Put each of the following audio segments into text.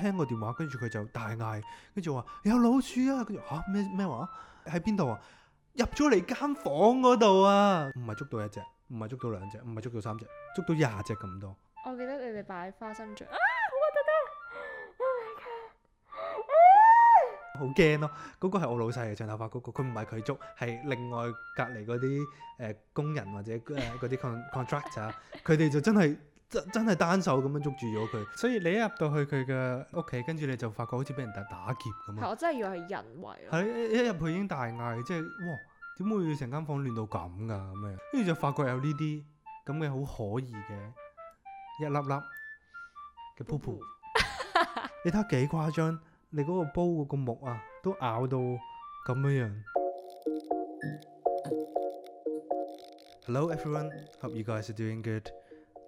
聽個電話，跟住佢就大嗌，跟住話有老鼠啊！跟住吓咩咩話喺邊度啊？入咗嚟間房嗰度啊！唔係、啊、捉到一隻，唔係捉到兩隻，唔係捉到三隻，捉到廿隻咁多。我記得你哋擺花生醬啊！好得得、啊、Oh my god！好驚咯，嗰、啊那個係我老細嘅長頭髮嗰、那個，佢唔係佢捉，係另外隔籬嗰啲誒工人或者誒嗰、呃、啲 contractor，佢哋 就真係。真真係單手咁樣捉住咗佢，所以你一入到去佢嘅屋企，跟住你就發覺好似俾人打劫咁啊！我真係以為係人為咯。一入去已經大嗌，即係哇，點會成間房亂到咁㗎咁樣、啊？跟住就發覺有呢啲咁嘅好可疑嘅一粒粒嘅 poopoo。泡泡 你睇下幾誇張？你嗰個煲嗰個木啊，都咬到咁樣樣。 Hello everyone, hope you guys are doing good.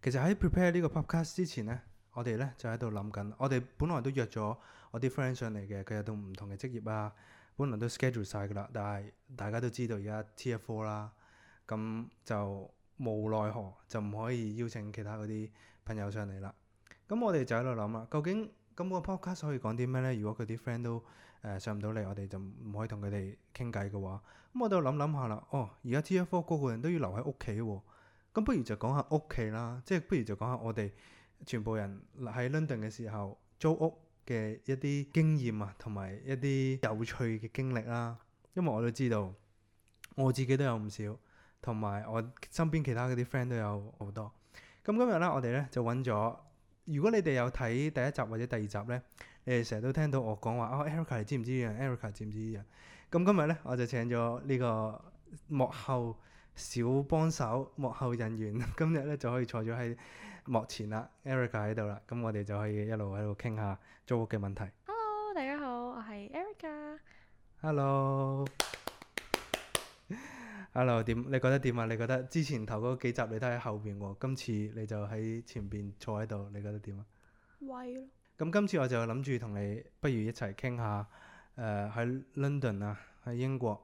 其實喺 prepare 呢個 podcast 之前呢，我哋呢就喺度諗緊。我哋本來都約咗我啲 friend 上嚟嘅，佢有到唔同嘅職業啊。本來都 schedule 晒㗎啦，但係大家都知道而家 TF4 啦，咁就無奈何就唔可以邀請其他嗰啲朋友上嚟啦。咁我哋就喺度諗啦，究竟咁個 podcast 可以講啲咩呢？如果佢啲 friend 都誒、呃、上唔到嚟，我哋就唔可以同佢哋傾偈嘅話，咁我哋就諗諗下啦。哦，而家 TF4 個個人都要留喺屋企喎。咁不如就講下屋企啦，即係不如就講下我哋全部人喺 London 嘅時候租屋嘅一啲經驗啊，同埋一啲有趣嘅經歷啦、啊。因為我都知道我自己都有唔少，同埋我身邊其他嗰啲 friend 都有好多。咁、嗯、今日呢，我哋呢就揾咗。如果你哋有睇第一集或者第二集呢，你哋成日都聽到我講話啊、哦、Erica，你知唔知啊？Erica 知唔知啊？咁、嗯、今日呢，我就請咗呢個幕後。小幫手、幕後人員，今日咧就可以坐咗喺幕前啦。Erica 喺度啦，咁我哋就可以一路喺度傾下租屋嘅問題。Hello，大家好，我係 Erica。Hello，Hello，點？你覺得點啊？你覺得之前頭嗰幾集你都喺後邊喎，今次你就喺前邊坐喺度，你覺得點啊？喂，咯。咁今次我就諗住同你，不如一齊傾下，誒喺 London 啊，喺英國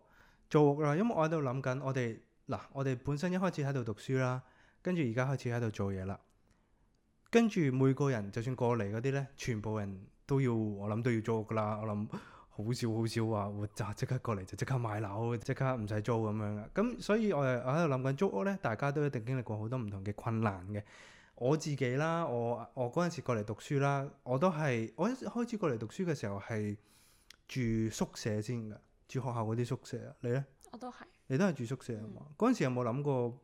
租屋啦。因為我喺度諗緊，我哋。嗱，我哋本身一開始喺度讀書啦，跟住而家開始喺度做嘢啦，跟住每個人就算過嚟嗰啲咧，全部人都要我諗都要租屋啦。我諗好少好少話，我即刻過嚟就即刻買樓，即刻唔使租咁樣嘅。咁所以我誒喺度諗緊租屋咧，大家都一定經歷過好多唔同嘅困難嘅。我自己啦，我我嗰陣時過嚟讀書啦，我都係我一開始過嚟讀書嘅時候係住宿舍先嘅，住學校嗰啲宿舍啊。你咧？我都係。你都係住宿舍啊嘛？嗰陣、嗯、時有冇諗過，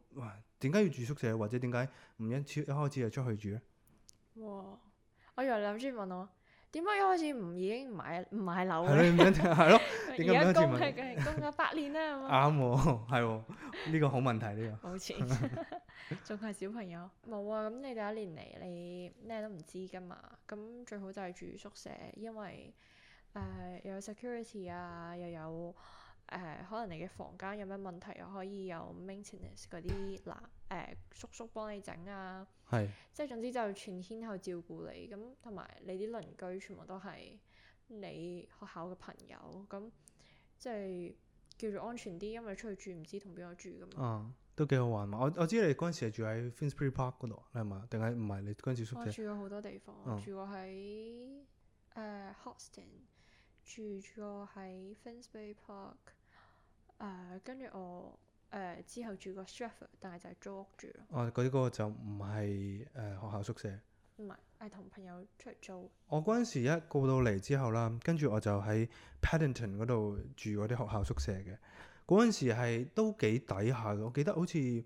點解要住宿舍，或者點解唔一超一開始就出去住咧？哇！我原來諗住問我，點解一開始唔已經買唔買樓咧？係咯， 而家高咩嘅人工啊，八是 年啦，啱喎、 哦，呢、哦呢個好問題呢個。好似仲係小朋友冇 啊！咁你第一年嚟，你咩都唔知噶嘛？咁最好就係住宿舍，因為、呃、又有 security 啊，又有。可能你嘅房間有咩問題，又可以有 maintenance 嗰啲嗱，誒、呃、叔叔幫你整啊，係是即係總之就全天候照顧你咁，同埋你啲鄰居全部都係你學校嘅朋友咁，即係叫做安全啲，因為出去住唔知同邊個住咁啊，都幾好玩嘛。我我知你嗰陣時係住喺 Finsbury Park 嗰度，係咪？定係唔係你嗰陣時宿舍住過好多地方，嗯、住過喺誒、呃、Houston，住過喺 Finsbury Park。誒、呃，跟住我誒、呃、之後住個 Stratford 但係就係租屋住咯。哦，嗰啲嗰個就唔係誒學校宿舍，唔係，係同朋友出嚟租。我嗰陣時一過到嚟之後啦，跟住我就喺 Paddington 嗰度住嗰啲學校宿舍嘅。嗰陣時係都幾抵下嘅，我記得好似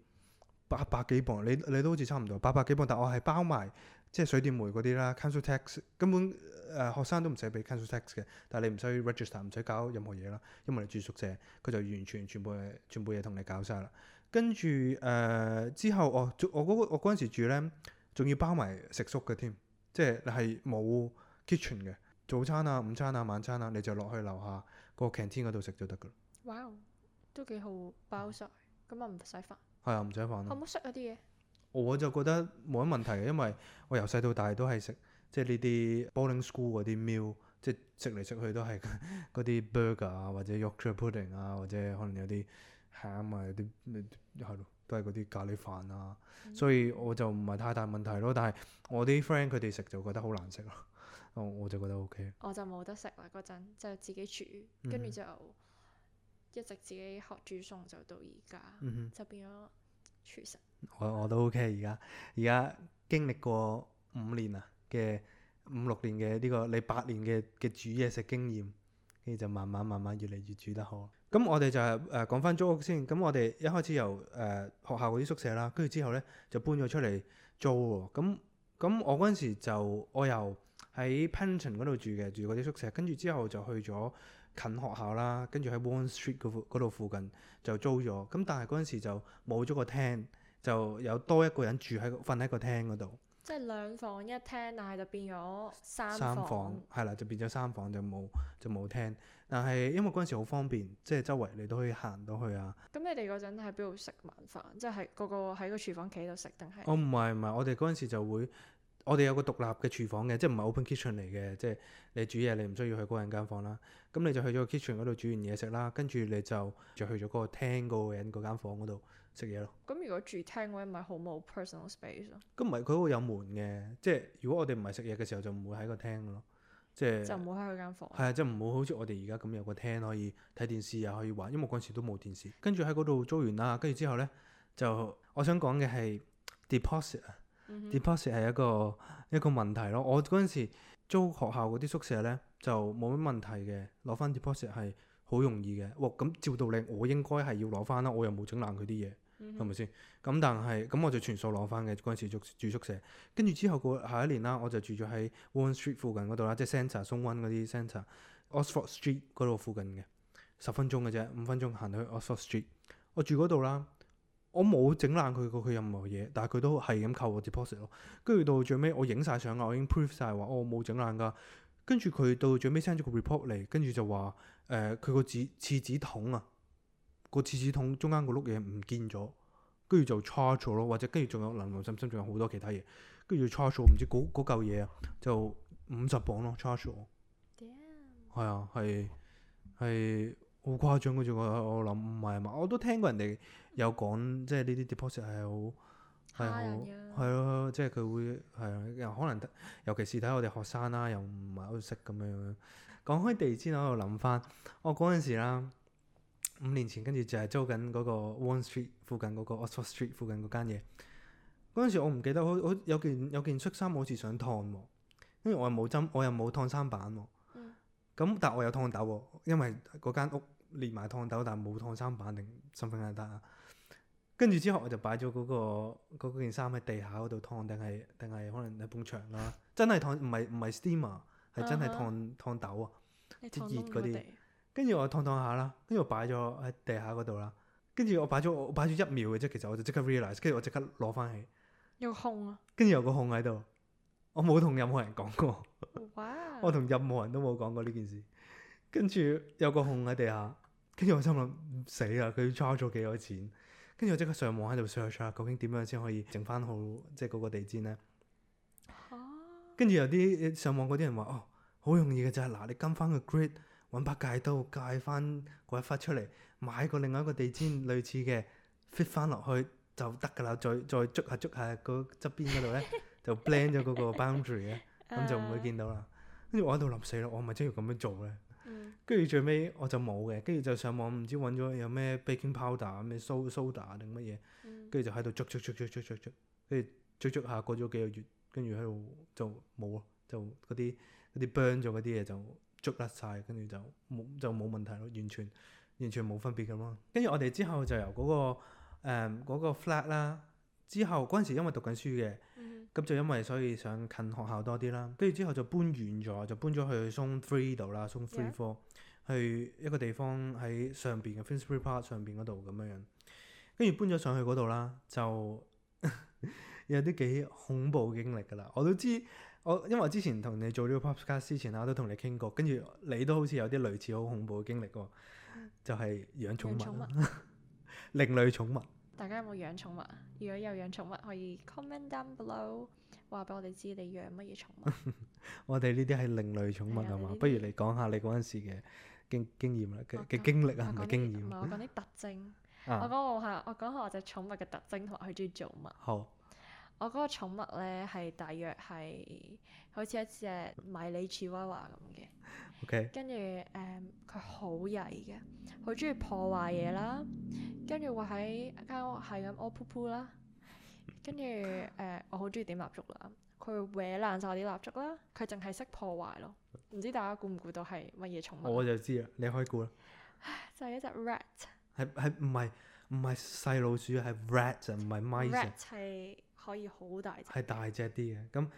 八百幾磅，你你都好似差唔多八百幾磅，但我係包埋。即係水電煤嗰啲啦，council tax 根本誒、呃、學生都唔使俾 council tax 嘅，但係你唔使 register，唔使搞任何嘢啦。因為你住宿舍，佢就完全全部全部嘢同你搞晒啦。跟住誒之後我，我我嗰我嗰陣時住呢咧，仲要包埋食宿嘅添，即係你係冇 kitchen 嘅，早餐啊、午餐啊、晚餐啊，你就落去樓下個 canteen 嗰度食就得㗎啦。w、wow，都幾好包晒，咁啊唔使煩。係啊，唔使煩啊。可唔可以塞嗰啲嘢？我就覺得冇乜問題嘅，因為我由細到大都係食即係呢啲 boarding school 嗰啲 meal，即係食嚟食去都係嗰啲 burger 啊，或者 Yorkshire pudding 啊，或者可能有啲 ham 啊，有啲係咯，都係嗰啲咖喱飯啊，嗯、哼所以我就唔係太大問題咯。但係我啲 friend 佢哋食就覺得好難食咯我，我就覺得 OK。我就冇得食啦，嗰陣就自己煮，跟住就一直自己學煮餸，就到而家，嗯、哼就變咗廚神。我我都 OK 而家而家經歷過五年啊嘅五六年嘅呢、這個你八年嘅嘅煮嘢食經驗，跟住就慢慢慢慢越嚟越煮得好。咁、嗯、我哋就係誒講翻租屋先。咁、嗯、我哋一開始由誒、呃、學校嗰啲宿舍啦，跟住之後呢就搬咗出嚟租喎。咁、嗯、咁、嗯、我嗰陣時就我由喺 Penton 嗰度住嘅住嗰啲宿舍，跟住之後就去咗近學校啦，跟住喺 One Street 嗰附嗰度附近就租咗。咁、嗯、但係嗰陣時就冇咗個廳。就有多一個人住喺瞓喺個廳嗰度，即係兩房一廳，但係就變咗三房，係啦，就變咗三房就冇就冇廳。但係因為嗰陣時好方便，即係周圍你都可以行到去啊。咁、嗯、你哋嗰陣喺邊度食晚飯？即、就、係、是、個個喺個廚房企度食定係？哦，唔係唔係，我哋嗰陣時就會，我哋有個獨立嘅廚房嘅，即係唔係 open kitchen 嚟嘅，即係你煮嘢你唔需要去個人間房啦。咁你就去咗 kitchen 嗰度煮完嘢食啦，跟住你就去你就去咗個廳嗰個人嗰間房嗰度，食嘢咯。咁如果住廳位咪好冇 personal space 咯？咁唔係，佢會有門嘅，即係如果我哋唔係食嘢嘅時候就唔會喺個廳咯，即係就唔會喺佢間房。係啊，即係唔會好似我哋而家咁有個廳可以睇電視又可以玩，因為嗰陣時都冇電視。跟住喺嗰度租完啦，跟住之後呢，就我想講嘅係 deposit deposit 係一個一個問題咯。我嗰陣時租學校嗰啲宿舍呢，就冇乜問題嘅，攞翻 deposit 係好容易嘅。咁、哦嗯、照道理我應該係要攞翻啦，我又冇整爛佢啲嘢。係咪先？咁、嗯嗯、哼但係咁我就全數攞翻嘅。嗰陣時住住宿舍，跟住之後個下一年啦，我就住咗喺 Warren Street 附近嗰度啦，即係 Central Zone 1嗰啲 Central Oxford Street 嗰度附近嘅，十分鐘嘅啫，五分鐘行到去 Oxford Street。我住嗰度啦，我冇整爛佢佢任何嘢，但係佢都係咁扣我 deposit 咯。跟住到最尾我影晒相啦，我已經 prove 晒話我冇整爛㗎。跟住佢到最尾 send 咗個 report 嚟，跟住就話誒佢個紙廁紙筒啊。個廁所桶中間個碌嘢唔見咗，跟住就 charge 咗咯，或者跟住仲有能量芯，芯仲有好多其他嘢，跟住 charge 咗唔知嗰嗰嚿嘢就五十磅咯，charge 咗。係 Yeah. 啊，係係好誇張嗰種。我我諗唔係啊嘛，我都聽過人哋有講，即、就、係、是、呢啲 deposit 係好係好係咯，即係佢會係、啊、可能尤其是睇我哋學生啦、啊，又唔係好識咁樣樣。講開地氈，我喺度諗翻我嗰陣時啦。五年前，跟住就係租緊嗰個 One Street 附近嗰個 Oxford Street 附近嗰間嘢。嗰陣時我唔記得，好好有件有件恤衫好似想燙喎，跟住我又冇針，我又冇燙衫板喎。嗯。咁但係我有燙斗喎，因為嗰間屋連埋燙斗，但係冇燙衫板定甚麼都得啊。跟住之後我就擺咗嗰個件衫喺地下嗰度燙，定係定係可能喺埲牆啦。真係燙，唔係唔係 Steamer 係真係燙燙斗啊，即熱嗰啲。跟住我燙燙下啦，跟住我擺咗喺地下嗰度啦。跟住我擺咗，我擺咗一秒嘅啫。其實我就即刻 realize，跟住我即刻攞翻起。有個控啊？跟住有個控喺度，我冇同任何人講過。哇 我同任何人都冇講過呢件事。跟住有個控喺地下，跟住我心諗死啦！佢 charge 咗幾多錢？跟住我即刻上網喺度 search search 究竟點樣先可以整翻好即係嗰個地氈咧？跟住、啊、有啲上網嗰啲人話：哦，好容易嘅啫。嗱，你跟翻個 grade 揾把戒刀，戒翻嗰一忽出嚟，買個另外一個地氈類似嘅 fit 翻落去就得噶啦。再再捽下捽下個側邊嗰度咧，就 blend 咗嗰個 boundary 嘅，咁就唔會見到啦。跟住我喺度諗死啦，我咪真係要咁樣做咧。跟住最尾我就冇嘅，跟住就上網唔知揾咗有咩 baking powder，咩 soda 定乜嘢，跟住就喺度捽、捽、捽、捽、捽、捽。跟住捽、捽下過咗幾個月，跟住喺度就冇咯，就嗰啲嗰啲 burn 咗嗰啲嘢就。捉甩晒，跟住就冇就冇問題咯，完全完全冇分別㗎嘛。跟住我哋之後就由嗰、嗰個誒嗰、呃嗰個 flat 啦，之後嗰陣時因為讀緊書嘅，咁、嗯、就因為所以想近學校多啲啦。跟住之後就搬遠咗，就搬咗去 Zone Three 度啦，Zone Three Four 去一個地方喺上邊嘅 Finsbury Park 上邊嗰度咁樣樣。跟住搬咗上去嗰度啦，就 有啲幾恐怖經歷噶啦，我都知。我、oh, 因為我之前同你做呢個 podcast 之前啦，都同你傾過，跟住你都好似有啲類似好恐怖嘅經歷喎，就係、是、養寵物，另 類寵物。大家有冇養寵物啊？如果有養寵物，可以 comment down below 話俾我哋知你養乜嘢寵物。 我哋呢啲係另類寵物係嘛？不如你講下你嗰陣時嘅嘅經驗啦，嘅經歷啊，唔係經驗。我講啲特徵，啊、我講下我，我講下我隻寵物嘅特徵同埋佢中意做乜。好。好。我嗰個寵物咧係大約係好似一隻迷你芝娃娃咁嘅。OK 跟。跟住誒，佢好曳嘅，好中意破壞嘢啦。跟住會喺間屋係咁屙噗噗啦。跟住誒、嗯，我好中意點蠟燭啦。佢會搲爛曬啲蠟燭啦。佢淨係識破壞咯。唔知大家估唔估到係乜嘢寵物？我就知啦，你可以估啦。係、就係、一隻 at, rat。係係唔係唔係細老鼠係 rat 唔係 mice 可以好大隻，係大隻啲嘅。咁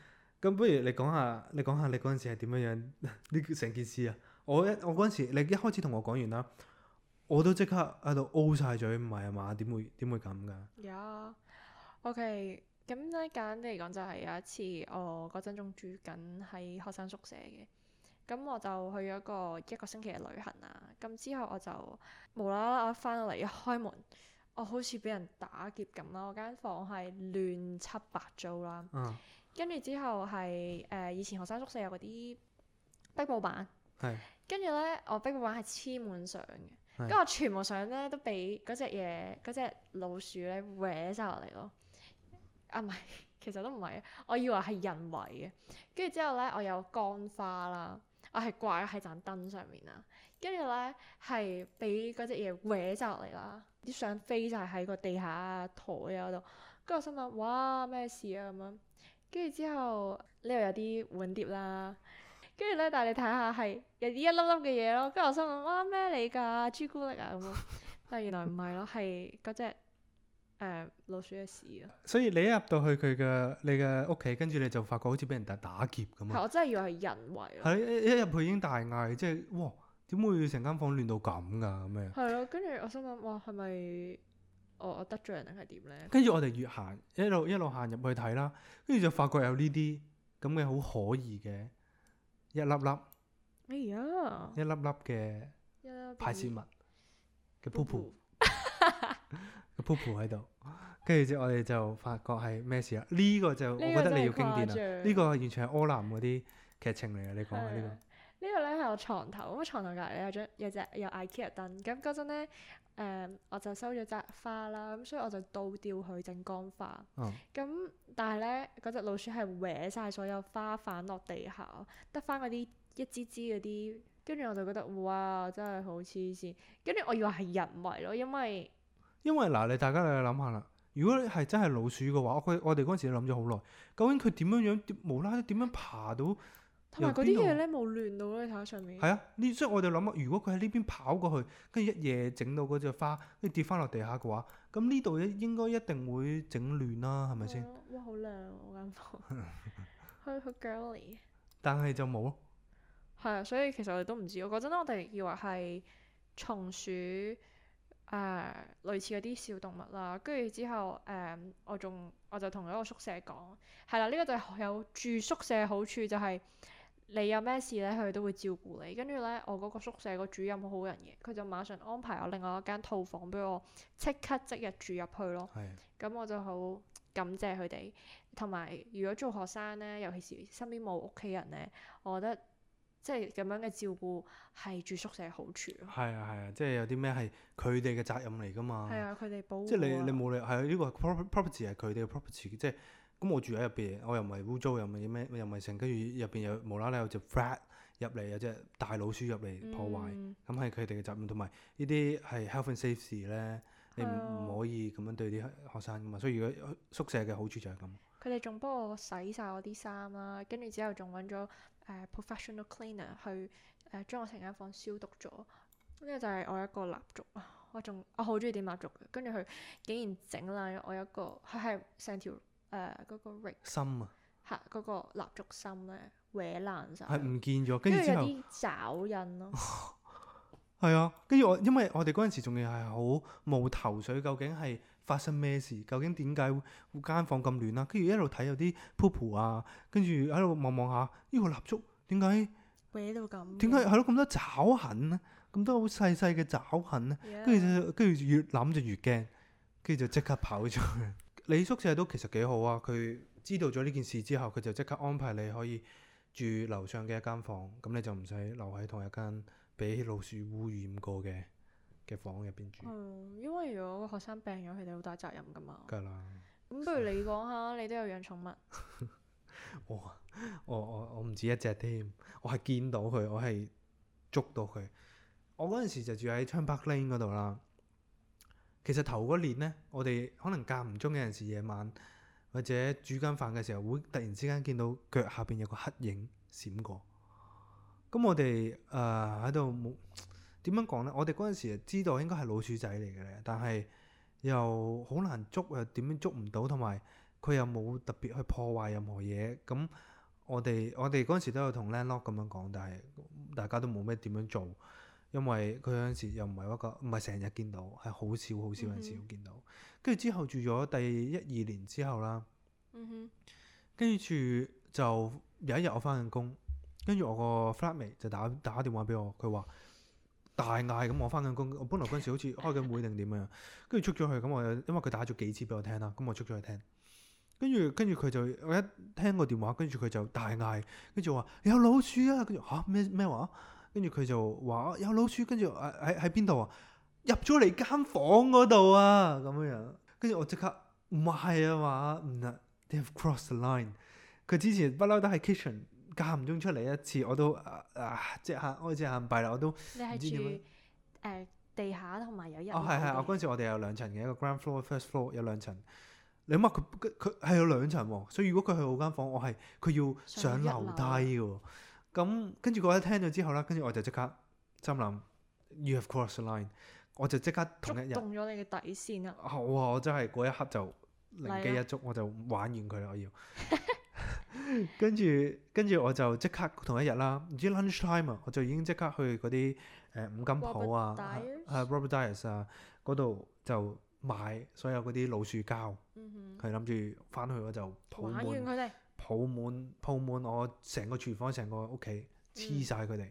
咁，不如你講下，你講下你嗰陣時係點樣樣呢？成件事啊，我一我嗰陣時，你一開始同我講完啦，我都即刻喺度 O 晒嘴，唔係啊嘛？點會點會咁㗎？有，OK。咁咧簡單嚟講，就係有一次我嗰陣仲住緊喺學生宿舍嘅，咁我就去咗一個一個星期嘅旅行啊。咁之後我就無啦啦返到嚟，一開門。我好似俾人打劫咁咯，我間房係亂七八糟啦。嗯、跟住之後係誒、呃、以前學生宿舍有嗰啲壁布板，是跟住咧我壁布板係黐滿相嘅，是跟住我全部相咧都俾嗰隻嘢嗰隻老鼠咧搲晒落嚟咯。啊，唔係，其實都唔係，我以為係人為嘅。跟住之後咧，我有乾花啦，我係掛喺盞燈上面啦。跟住咧係俾嗰隻嘢搲晒落嚟啦。啲相飛曬喺個地下台啊度，跟住我心諗哇咩事啊咁樣，跟住之後呢度有啲碗碟啦，跟住咧但係你睇下係有啲一粒粒嘅嘢咯，跟住我心諗哇咩嚟㗎朱古力啊咁樣，但係原來唔係咯，係嗰 隻誒、呃、老鼠嘅屎啊！所以你一入到去佢嘅你嘅屋企，跟住你就發覺好似俾人打劫咁樣！我真係以為係人為啊！係一入去已經大嗌，即係哇～點會成間房亂到咁噶？咁樣係咯，跟住我心諗，哇，係咪我我得罪人定係點咧？跟住我哋越行一路一路行入去睇啦，跟住就發覺有呢啲咁嘅好可疑嘅一粒粒，哎呀，一粒粒嘅排泄物嘅 poop，個 poop 喺度，跟住之後我哋就發覺係咩事啊？呢個就我覺得你要經典啊。呢個完全係柯南嗰啲劇情嚟嘅，你講下呢個。呢個咧喺我床頭，咁床頭隔離有張有隻有 IKEA 燈，咁嗰陣咧，誒、嗯、我就收咗扎花啦，咁所以我就倒吊佢整乾花，咁、嗯、但係咧嗰隻老鼠係歪晒所有花瓣落地下枝枝，得翻嗰啲一支支嗰啲，跟住我就覺得哇真係好黐線，跟住我以為係人為咯，因為因為嗱你大家你去諗下啦，如果你係真係老鼠嘅話，我我哋嗰陣時諗咗好耐，究竟佢點樣樣無啦啦點樣爬到？同埋嗰啲嘢咧冇亂到咯，你睇下上面。係啊，呢，所以我哋諗下，如果佢喺呢邊跑過去，跟住一夜整到嗰隻花，跟住跌翻落地下嘅話，咁呢度一應該一定會整亂啦，係咪先？哇， 好靚間房。佢好 girly。但係就冇。係啊，所以其實我哋都唔知。我嗰陣我哋以為係松鼠，誒、呃，類似嗰啲小動物啦。跟住之後，誒、呃，我仲我就同咗我宿舍講，係啦、啊，呢、這個就係有住宿舍好處，就係、是。你有咩事咧，佢都會照顧你。跟住咧，我嗰個宿舍個主任好好人嘅，佢就馬上安排我另外一間套房俾我，即刻即日住入去咯。係的。咁我就好感謝佢哋。同埋，如果做學生咧，尤其是身邊冇屋企人咧，我覺得即係咁樣嘅照顧係住宿舍嘅好處咯。係啊係啊，即係有啲咩係佢哋嘅責任嚟噶嘛。係啊，佢哋保護。即係你你冇理由，係啊，呢個 property 係佢哋嘅 property，即係。咁我住喺入邊，我又唔係污糟，又唔係咩，又唔係剩，跟住入邊有無啦啦有隻 rat 入嚟，有隻大老鼠入嚟破壞，咁係佢哋嘅責任。同埋呢啲係 health and safety 咧，你唔、呃、可以咁樣對啲學生噶嘛。所以如果宿舍嘅好處就係咁。佢哋仲幫我洗晒我啲衫啦，跟住之後仲揾咗誒 professional cleaner 去誒將、uh, 我成間房消毒咗。呢個就係我一個蠟燭，我仲我好中意點蠟燭嘅。跟住佢竟然整爛我一個，佢係成條。誒嗰、啊那個蠟心啊，嚇嗰、啊那個蠟燭芯咧，搲爛曬，係唔見咗，跟住之後啲爪印咯，係、哦、啊，跟住我因為我哋嗰陣時仲要係好冇頭緒，究竟係發生咩事，究竟點解間房咁亂啦？跟住一路睇有啲 poopoo 啊，跟住喺度望望下呢個蠟燭點解搲到咁？點解係咯咁多爪痕咧？咁多好細細嘅爪痕咧？跟住跟住越諗就越驚，跟住就即刻跑咗出去。 你宿舍都其實幾好啊！佢知道咗呢件事之後，佢就即刻安排你可以住樓上嘅一間房，咁你就唔使留喺同一間俾老鼠污染過嘅嘅房入邊住。嗯，因為如果學生病咗，佢哋好大責任噶嘛。㗎啦。咁不如你講下， 你都有養寵物？ 我我我唔止一隻添，我係見到佢，我係捉到佢。我嗰陣時就住喺 Chamberlain 嗰度啦。其實頭嗰年呢，我哋可能間唔中有陣時夜晚或者煮緊飯嘅時候，會突然之間見到腳下邊有個黑影閃過。咁我哋誒喺度冇點樣講呢？我哋嗰陣時知道應該係老鼠仔嚟嘅，但係又好難捉，又點樣捉唔到，同埋佢又冇特別去破壞任何嘢。咁我哋我哋嗰陣時都有同 landlord 咁樣講，但係大家都冇咩點樣做。因為佢有陣時又唔係一個，唔係成日見到，係好少好少陣時會見到。跟住、嗯、哼之後住咗第一二年之後啦，跟住、嗯、哼就有一日我翻緊工，跟住我個 flatmate 就打打電話俾我，佢話大嗌咁。我翻緊工，我本來嗰陣時好似開緊會定點樣，跟住 出咗去咁我，因為佢打咗幾次俾我聽啦，咁我出咗去聽。跟住跟住佢就我一聽個電話，跟住佢就大嗌，跟住我話有老鼠啊！跟住吓咩咩話？跟住佢就話：有老鼠，跟住喺喺喺邊度啊？入咗嚟間房嗰度啊，咁樣樣。跟住我即刻唔係啊嘛，唔啊，they have crossed the line。佢之前不嬲都喺 kitchen，間唔中出嚟一次，我都啊即刻開始喊閉啦，我都。你係住誒地下同埋有一？哦，係係，我嗰陣時我哋有兩層嘅，一個 ground floor，first floor 有兩層。你諗下佢佢係有兩層喎，所以如果佢去我間房，我係佢要想留低㗎。咁、嗯、跟住嗰日聽咗之後啦，跟住我就即刻心諗 You have crossed the line，我就即刻同一日觸動咗你嘅底線啦！好啊、哦，我真係嗰一刻就靈機一觸，啊、我就玩完佢啦！我要 跟住跟住我就即刻同一日啦，唔知 lunch time 啊，我就已經即刻去嗰啲誒五金鋪 Robert 啊 Robert Dyas 啊嗰度、啊啊、就買所有嗰啲老鼠膠，係諗住翻去我就滿玩完佢哋。鋪滿鋪滿我成個廚房成個屋企黐晒佢哋，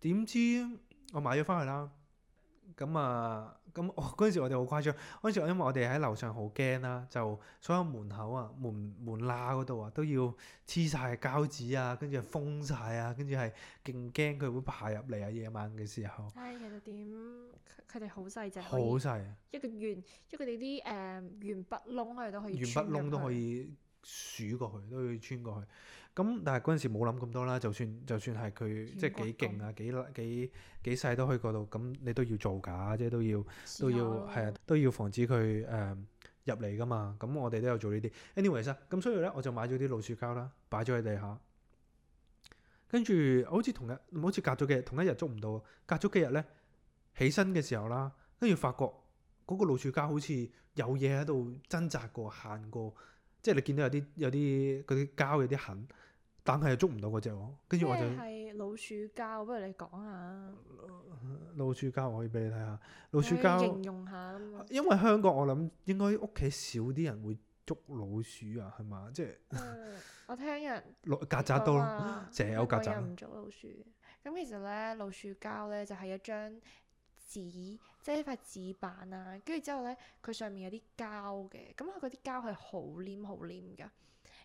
點、嗯、知我買咗翻去啦？咁啊咁，嗯嗯、我嗰陣時我哋好誇張，嗰陣時因為我哋喺樓上好驚啦，就所有門口啊、門門罅嗰度啊都要黐晒膠紙啊，跟住封晒啊，跟住係勁驚佢會爬入嚟啊！夜晚嘅時候，唉、哎，其實點？佢哋好細隻，好細啊，啊、一個圓，即係佢哋啲誒圓筆窿啊，都可以，圓筆窿都可以。鼠過去都要穿過去，咁但係嗰陣時冇諗咁多啦。就算就算係佢即係幾勁啊，幾幾幾細都可以去嗰度，咁你都要做㗎，即係都要都要係啊，都要防止佢誒入嚟㗎嘛。咁我哋都有做呢啲。anyways 啊，咁所以咧我就買咗啲老鼠膠啦，擺咗喺地下，跟住好似同一好似隔咗幾日，同一日捉唔到，隔咗幾日咧起身嘅時候啦，跟住發覺嗰個老鼠膠好似有嘢喺度掙扎過行過。即係你見到有啲有啲啲膠有啲痕，但係又捉唔到嗰隻，跟住我就係老鼠膠，不如你講下老。老鼠膠我可以俾你睇下，老鼠膠。你可以形容下。因為香港我諗應該屋企少啲人會捉老鼠啊，係嘛？即係、嗯。我聽人。曱甴多咯，成日有曱甴。唔捉老鼠。咁其實咧，老鼠膠咧就係一張。紙即係一塊紙板啊。跟住之後呢，佢上面有啲膠嘅，咁佢嗰啲膠係好黏好黏噶。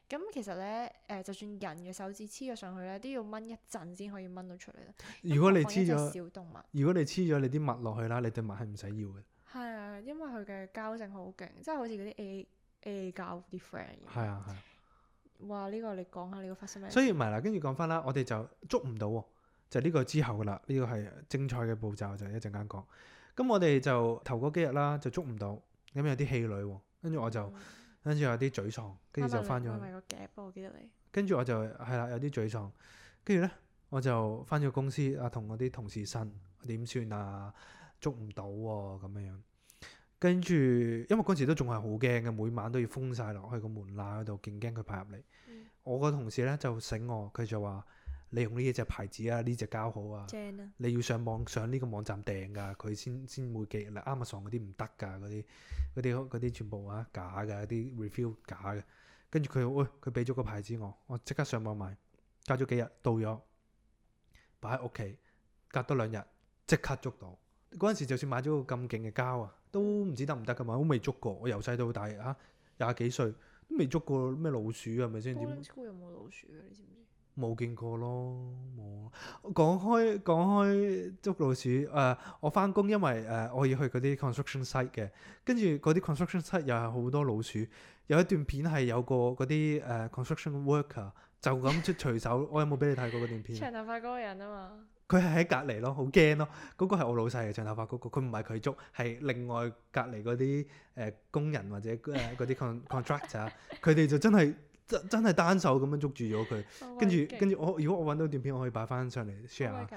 咁其實呢，誒、呃，就算人嘅手指黐咗上去呢，都要掹一陣先可以掹到出嚟啦。如果你黐咗小動物，如果你黐咗你啲襪落去啦，你對襪係唔使要嘅。係啊，因為佢嘅膠性好勁，即係好似嗰啲 A A 膠啲 friend。係啊係啊。啊哇！呢、這個你講下你個發生咩？所以唔係啦，跟住講翻啦，我哋就捉唔到。就呢個之後啦，呢、這個係精彩嘅步驟就一陣間講。咁、嗯、我哋就頭嗰幾日啦，就捉唔到，咁有啲氣餒，跟住我就跟住有啲沮喪，跟住就翻咗。係咪個夾？我記得你。跟住我就係啦，有啲沮喪，跟住咧我就翻咗公司啊，同我啲同事呻點算啊，捉唔到喎咁樣樣。跟住因為嗰陣時都仲係好驚嘅，每晚都要封晒落去個門罅嗰度，勁驚佢爬入嚟。我個同事咧就醒我，佢就話。你用呢隻牌子啊？呢隻膠好啊！啊你要上網上呢個網站訂㗎，佢先先會寄嗱，Amazon 嗰啲唔得㗎，嗰啲啲啲全部啊假㗎，啲 review 假嘅。跟住佢，佢俾咗個牌子我，我即刻上網買，隔咗幾日到咗，擺喺屋企，隔多兩日即刻捉到。嗰陣時就算買咗個咁勁嘅膠啊，都唔知得唔得㗎嘛？我未捉過，我由細到大嚇廿幾歲都未捉過咩老鼠啊？係咪先？波棱有冇老鼠㗎、啊？你知唔知？冇見過咯，冇。講開講開捉老鼠，誒、呃，我返工因為誒、呃、我要去嗰啲 construction site 嘅，跟住嗰啲 construction site 又係好多老鼠。有一段片係有個嗰啲誒 construction worker 就咁即係隨手， 我有冇俾你睇過嗰段片長、啊那個？長頭髮嗰個人啊嘛。佢係喺隔離咯，好驚咯。嗰個係我老細嘅長頭髮嗰個，佢唔係佢捉，係另外隔離嗰啲誒工人或者誒嗰啲 con contractor，佢哋 就真係。真真係單手咁樣捉住咗佢，跟住跟住我，如果我揾到段片，我可以擺翻上嚟 share 下。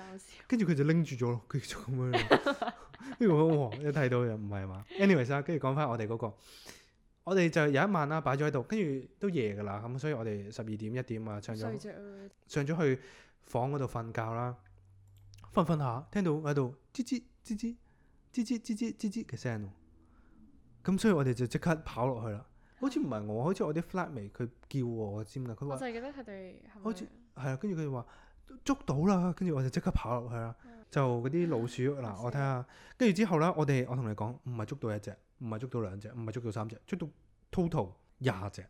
跟 住佢就拎住咗咯，佢就咁樣。跟住、anyway，我一睇到又唔係嘛。Anyways 啦，跟住講翻我哋嗰個，我哋就有一晚啦，擺咗喺度，跟住都夜㗎啦，咁所以我哋十二點一點啊上咗 上咗去房嗰度瞓覺啦，瞓瞓下聽到喺度吱吱吱吱吱吱吱吱嘅聲，咁所以我哋就即刻跑落去啦。好似唔係我，好似我啲 flat 眉佢叫我尖嘅，佢話。我淨係記得佢哋。好似係啊，跟住佢哋話捉到啦，跟住我就即刻跑落去啦。就嗰啲老鼠嗱、嗯，我睇下。跟住之後咧，我哋我同你講，唔係捉到一隻，唔係捉到兩隻，唔係捉到三隻，捉到 total 廿隻，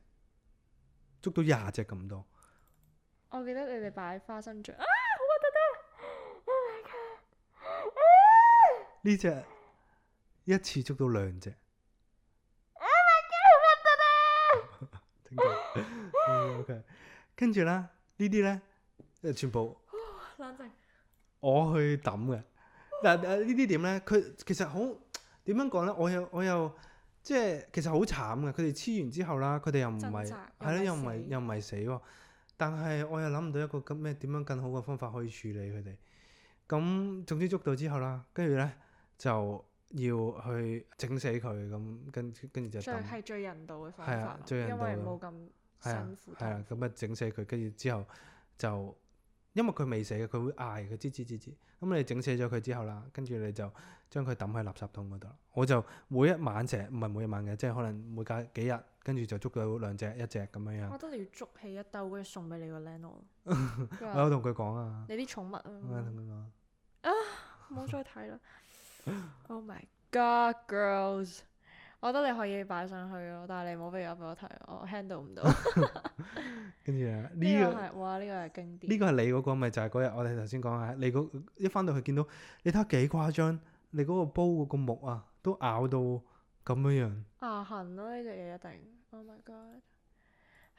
捉到廿隻咁多。我記得你哋擺花生醬啊！好核突啊！Oh my god！呢、啊、隻一次捉到兩隻。O K，跟住咧呢啲咧，全部，冷靜。我去抌嘅，但係呢啲點咧？佢其實好點樣講咧？我又我又即係其實好慘嘅。佢哋黐完之後啦，佢哋又唔係係咧，又唔係對又唔係死喎。但係我又諗唔到一個咁咩點樣更好嘅方法可以處理佢哋。咁總之捉到之後啦，跟住咧就。要去整死佢咁，跟跟住就抌，係最人道嘅方法對因，因為冇咁辛苦。係啊，咁啊整死佢，跟住之後就因為佢未死嘅，佢會嗌，佢吱吱吱吱。咁你整死咗佢之後啦，跟住你就將佢抌喺垃圾桶嗰度。我就每一晚成日，唔係每一晚嘅，即係可能每隔幾日，跟住就捉到兩隻一隻咁樣樣。我覺得要捉起一兜， 跟住送俾你個僆哥。我有同佢講啊，你啲寵物、嗯、啊。同佢講啊，唔好再睇啦。啊啊啊 Oh my God, girls！我覺得你可以擺上去咯，但係你唔好俾我俾我睇，我 handle 唔到。跟住呢個係哇，呢個係經典。呢個係你嗰、嗰個咪就係嗰日我哋頭先講嘅。你、嗰個、一翻到去見到，你睇下幾誇張，你嗰個煲嗰個木啊都咬到咁樣樣。啊，痕咯呢隻嘢一定。Oh my God！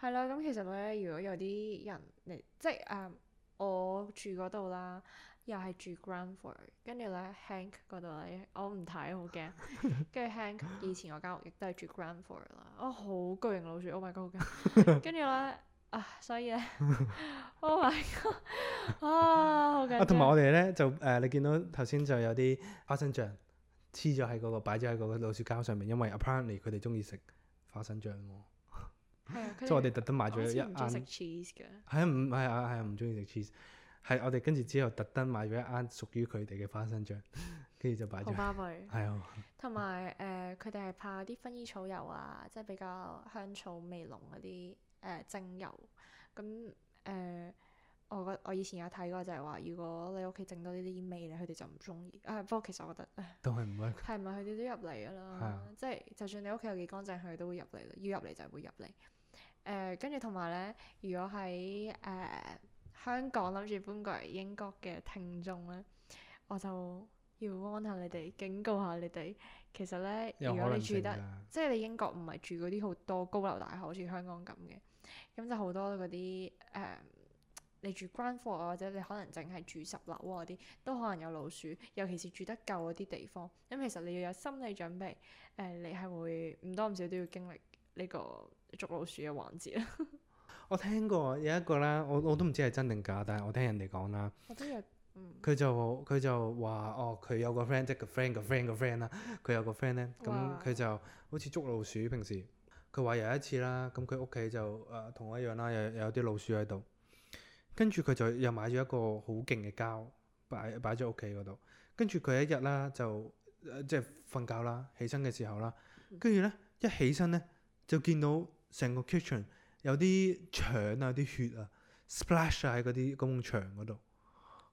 係啦、啊，咁其實咧，如果有啲人嚟，即係啊、嗯，我住嗰度啦。又係住 Grandford，跟住咧，Hank 嗰度咧，我唔睇，好驚。跟住 Hank 以前我間屋亦都係住 Grandford 啦， 哦，好巨型老鼠，Oh my god，跟住咧，啊，所以咧，Oh my god，啊，好驚。同埋、啊、我哋咧就誒、呃，你見到頭先就有啲花生醬黐咗喺嗰個擺咗喺嗰個老鼠膠上面，因為 Apparently 佢哋中意食花生醬喎。係，即係我哋特登買咗一。唔中意食 cheese 㗎。係啊，唔係啊，係啊，唔中意食 cheese。係，我哋跟住之後特登買咗一間屬於佢哋嘅花生醬，跟住就擺咗。桃花妹。啊 同埋誒，佢哋係怕啲薰衣草油啊，即係比較香草味濃嗰啲誒精油。咁誒、呃，我我以前有睇過，就係話，如果你屋企整到呢啲味咧，佢哋就唔中意。啊、呃，不過其實我覺得，都係唔會。係唔係佢哋都入嚟噶啦？即係就，就算你屋企有幾乾淨，佢都會入嚟。要入嚟就係會入嚟。誒、呃，跟住同埋咧，如果喺誒。呃香港諗住搬過嚟英國嘅聽眾咧，我就要 warn 下你哋，警告下你哋，其實咧，如果你住得，即係你英國唔係住嗰啲好多高樓大廈好似香港咁嘅，咁就好多嗰啲誒，你住劏房啊，或者你可能淨係住十樓嗰啲，都可能有老鼠，尤其是住得舊嗰啲地方，咁其實你要有心理準備，誒、呃，你係會唔多唔少都要經歷呢個捉老鼠嘅環節啦。 我聽過有一個啦，我我都唔知係真定假，但係我聽人哋講啦。佢、嗯、就佢就話哦，佢有個 friend，即係個 friend 個 friend 個 friend 啦、啊。佢有個 friend 咧，咁佢就好似捉老鼠。平時佢話有一次啦，咁佢屋企就誒、呃、同我一樣啦，有有啲老鼠喺度。跟住佢就又買咗一個好勁嘅膠擺擺咗屋企嗰度。跟住佢一日啦，就即係瞓覺啦，起身嘅時候啦，跟住咧一起身咧就見到成個 kitchen。有啲腸啊、啲血啊，splash 啊喺嗰啲公共牆嗰度。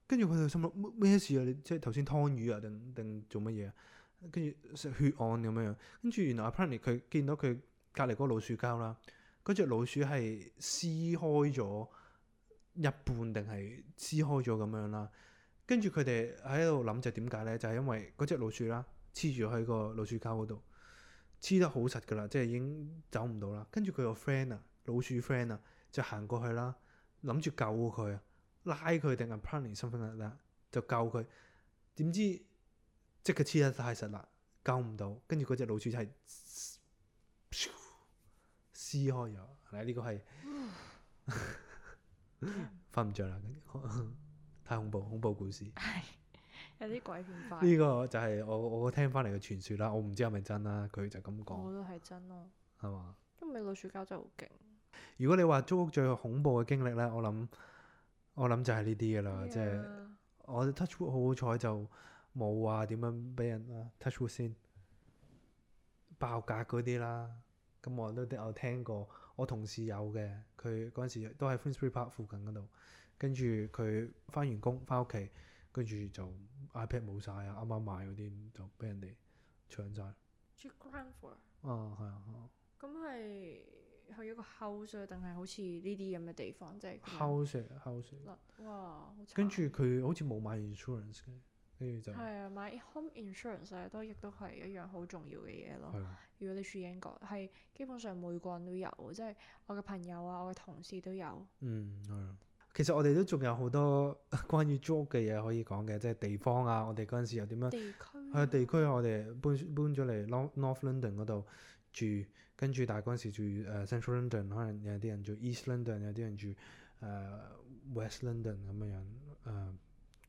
跟住佢就心諗咩事啊？你即係頭先湯魚啊，定定做乜嘢？跟住、啊、血案咁樣。跟住原來阿 Plenty 佢見到佢隔離嗰個老鼠膠啦，嗰隻老鼠係撕開咗一半定係撕開咗咁樣啦。跟住佢哋喺度諗就點解咧？就係因為嗰隻老鼠啦，黐住喺個老鼠膠嗰度，黐得好實噶啦，即係已經走唔到啦。跟住佢個 friend 啊～老鼠 friend 啊，就行過去啦，諗住救佢，啊，拉佢定係 pulling 身份啦，就救佢。點知即刻黐得太實啦，救唔到。跟住嗰隻老鼠就係、是、撕開咗，係呢個係瞓唔著啦？太恐怖，恐怖故事係 有啲鬼片化呢 個就係我我聽翻嚟嘅傳說啦。我唔知係咪真啦，佢就咁講。我都係真咯，係嘛吧？因為老鼠膠真係好勁。如果你話租屋最恐怖嘅經歷呢，我諗我諗就係呢啲嘅啦，即、嗯、係、嗯、我 Touchwood 好好彩就冇話點樣俾人啊 Touchwood 先爆格嗰啲啦，咁我都有聽過，我同事有嘅，佢嗰陣時都喺 Finsbury Park 附近嗰度，跟住佢翻完工翻屋企，跟住就 iPad 冇晒啊，啱啱買嗰啲就俾人哋搶晒。哦，o 啊，係啊。咁係。去一個 house 定係好似呢啲咁嘅地方，即係 house、house、啊啊、哇！跟住佢好似冇買 insurance 嘅，跟住就係啊，買 home insurance 都亦都係一樣好重要嘅嘢咯。啊、如果你住英國，係基本上每個人都有，即係我嘅朋友啊，我嘅同事都有。嗯，係、啊。其實我哋都仲有好多關於租屋嘅嘢可以講嘅，即係地方啊，我哋嗰陣時又點樣？地區啊，地區、啊，啊、地區我哋搬搬咗嚟 North London 嗰度住。跟住大家陣時住誒 Central London，可能有啲人住 East London，有啲人住誒、呃、West London 咁嘅樣誒。呃、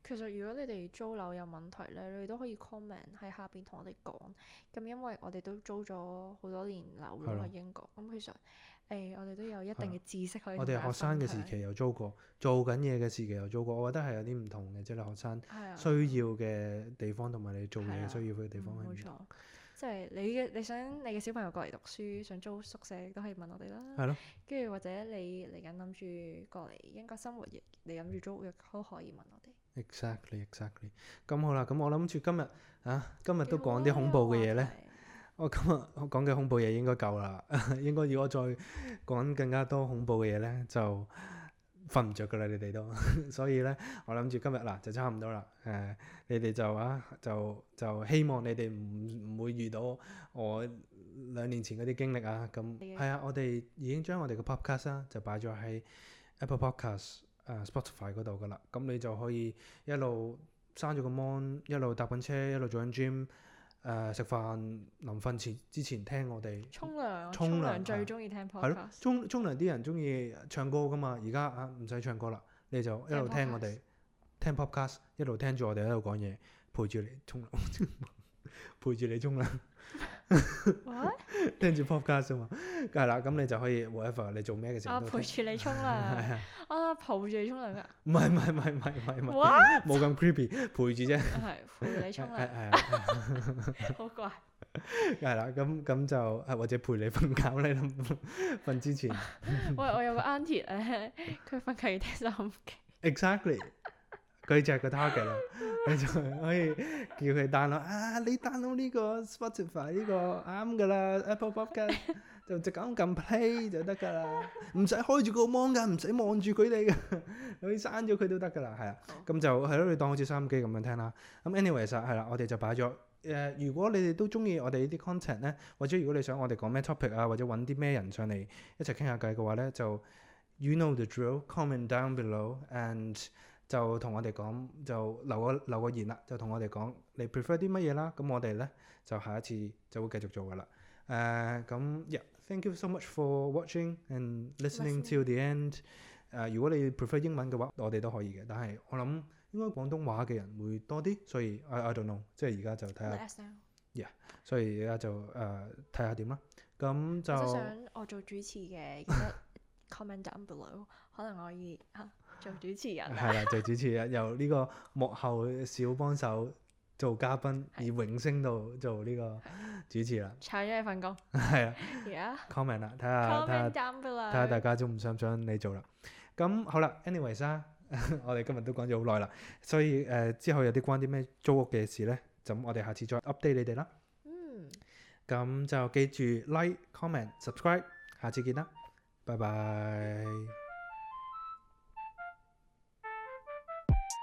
其實如果你哋租樓有問題咧，你哋都可以 comment 喺下邊同我哋講。咁因為我哋都租咗好多年樓喺英國，咁其實誒我哋都有一定嘅知識可以。我哋學生嘅時期又租過，做緊嘢嘅時期又租過，我覺得係有啲唔同嘅，即係你學生需要嘅地方同埋的你做嘢需要嘅地方係。即係你嘅你想你嘅小朋友過嚟讀書，想租宿舍可的租都可以問我哋啦。係咯，跟住或者你嚟緊諗住過嚟英國生活嘅，你諗住租嘅，都可以問我哋。Exactly, exactly。咁好啦，咁我諗住今日啊，今日都講啲恐怖嘅嘢咧。我今日我講嘅恐怖嘢應該夠啦， 應該如果再講更加多恐怖嘅嘢咧就。瞓唔着㗎啦，你哋都，所以咧，我諗住今日啦就差唔多啦，誒、呃，你哋就啊，就就希望你哋唔唔會遇到我兩年前嗰啲經歷啊，咁、嗯、係、嗯、啊，我哋已經將我哋嘅 Pod、啊、podcast 啊就擺咗喺 Apple Podcast 誒 Spotify 嗰度㗎啦，咁、嗯、你就可以一路閂咗個 mon，一路搭緊車，一路做緊 gym。誒、呃、食飯、臨瞓前之前聽我哋沖涼，沖涼最中意聽 podcast。沖沖涼啲人中意唱歌㗎嘛？而家啊唔使唱歌啦，你就一路聽我哋聽 podcast，一路聽住我哋喺度講嘢，陪住你沖涼， 陪住你沖涼。聽住 podcast 啊嘛，梗係啦，咁你就可以 whatever 你做咩嘅時候，啊陪住你沖涼，啊抱住你沖涼噶，唔係唔係唔係唔係唔係，冇咁 creepy，陪住啫，係陪住你沖涼，係係，好怪，梗係啦，咁咁就啊或者陪你瞓覺咧，瞓之前，喂我有個 auntie 咧，佢瞓覺要聽手機，exactly。佢就係個 target 嘅啦，你就可以叫佢 download 啊！你 download 呢個 Spotify 呢個啱㗎啦，Apple Podcast 就隻手撳 Play 就得㗎啦，唔使開住個 mon 㗎，唔使望住佢哋㗎，可以刪咗佢都得㗎啦，係啊，咁就係咯，你當好似收音機咁樣聽啦。咁 anyways 係啦，我哋就擺咗誒，如果你哋都中意我哋呢啲 content 咧，或者如果你想我哋講咩 topic 啊，或者揾啲咩人上嚟一齊傾下偈嘅話咧，就 you know the drill，comment down below and 就同我哋講，就留個留個言啦。就同我哋講，你 prefer 啲乜嘢啦？咁我哋咧就下一次就會繼續做㗎啦。誒咁，Yeah，thank you so much for watching and listening to the end。誒，如果你 prefer 英文嘅話，我哋都可以嘅。但係我諗應該廣東話嘅人會多啲，所以 I I don't know 即係而家就睇下。Last one。Yeah，所以而家就誒睇下點啦。咁就我想我做主持嘅，記得 comment down below，可能我可以嚇。.做主持人係、啊、啦，做主持人 由呢個幕後小幫手做嘉賓，的以永升度做呢個主持啦。搶咗你份工係啊，睇下 comment 啦，睇下睇下大家仲想唔想你做啦？咁好啦，anyways 啊， 我哋今日都講咗好耐啦，所以誒、呃、之後有啲關啲咩租屋嘅事咧，咁我哋下次再 update 你哋啦。嗯，咁就記住 like、comment、subscribe，下次見啦，拜拜。